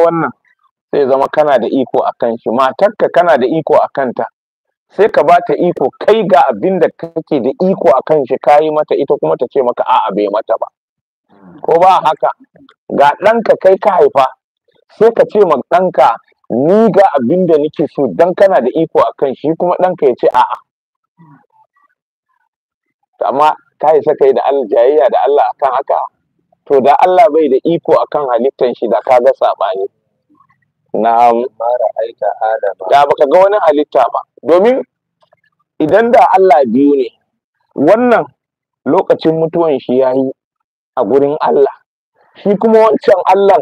wannan sai zama kana da iko a kan shi matarka kana da iko a kanta sai ka ba ta iko kai ga abin da kake da iko a kan shi kayi mata ita kuma ta ce maka a'a bai mata ba ko ba haka ga ɗanka kai ka haifa sai ka ce ma ɗanka ni ga abin da nake so dan kana da iko a kan shi kuma ɗanka ya ce a'a amma ka yi sakai da Allah da Allah akan haka to da Allah bai da iko akan halittan shi da kaga saɓani. na da baka ga wani halitta ba domin idan da Allah biyu ne wannan lokacin mutuwan shi ya yi a gurin Allah shi kuma wancan Allah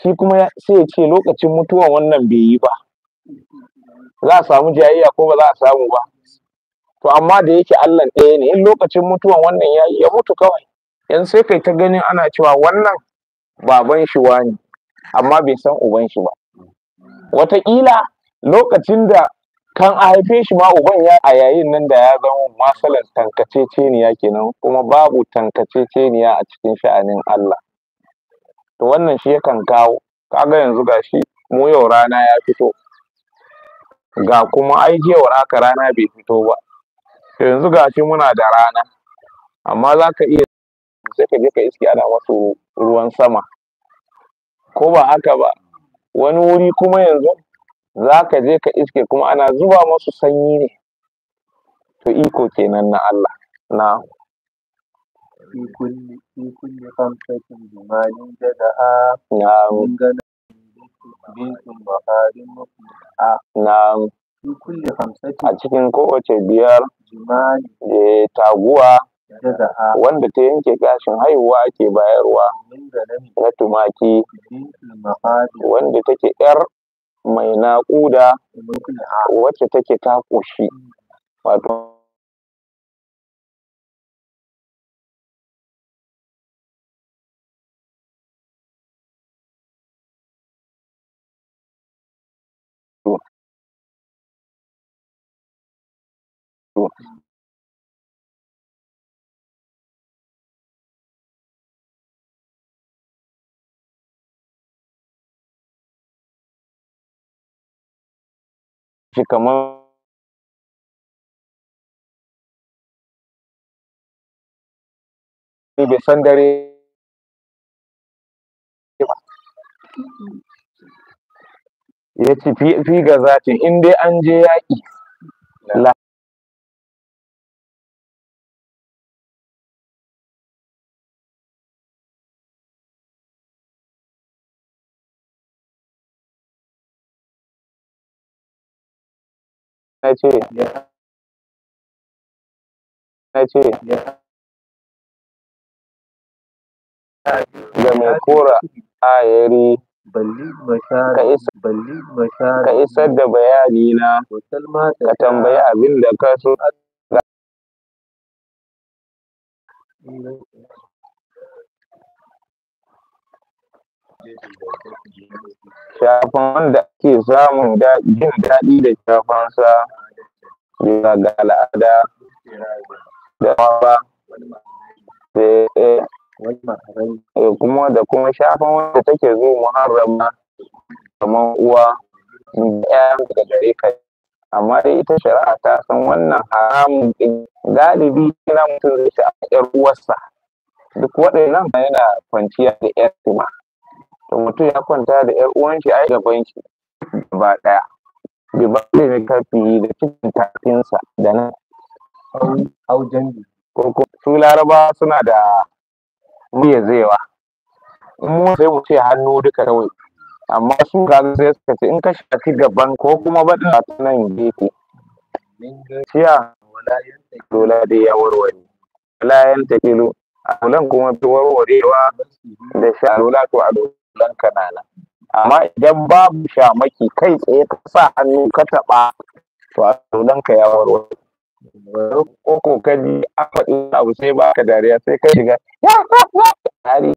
shi kuma sai ya ce lokacin mutuwan wannan bai yi ba za a samu jayayya ko ba za a samu ba to amma da yake Allah ɗaya ne in lokacin mutuwan wannan yi, ya mutu kawai Yan sai kai ta ganin ana cewa wannan baban shi wani amma bai san uban shi ba wataƙila lokacin da kan a haife shi ma uban ya a yayin nan da ya zama masalan tankaceceniya kenan kuma babu tankaceceniya a cikin sha'anin Allah to wannan shi yakan kawo kaga yanzu gashi mu yau rana ya fito ga kuma ai jewar rana bai fito ba yanzu gashi muna da rana amma za ka iya sai ka je ka iske ana masu ruwan sama ko ba haka ba wani wuri kuma yanzu za ka je ka iske kuma ana zuba masu sanyi ne to iko kenan na Allah na a cikin kowace biyar da eh, taguwa wanda ta yanke gashin haihuwa ke bayarwa na tumaki wanda take yar mai naƙuda wacce take ta ƙushi wato Thank you. kamar bai san dare ya ce fi ga zatin in dai an je yaƙi na ce da mai kora ayari ka isar da bayani na ka tambayi abin da ka so shafan wanda ake samun jin daɗi da shafan bisa ga al'ada da ba eh, kuma da kuma shafan wanda take zo muharrama kamar uwa da gare ka amma dai ita shari'a ta san wannan haramun galibi na mutum zai ta uwarsa duk waɗannan yana kwanciya da 'yar ma mutum ya kwanta da ƴar uwan shi ai gaban shi gaba ɗaya bi ba da ne kafi da cikin tafinsa da na aujan ko ko su laraba suna da muye zaiwa mu sai mu ce hannu duka kawai amma su ga sai suka ce in ka shafi gaban ko kuma da ta nan gefe ciya dola da ya warware la yan kilo. a kuma warwarewa da sha lola to a allon ka amma idan babu shamaki kai tsaye ka sa hannu ka taɓa to allon ka ya warware ko ko ji a faɗi abu sai baka dariya sai ka shiga ya ya ya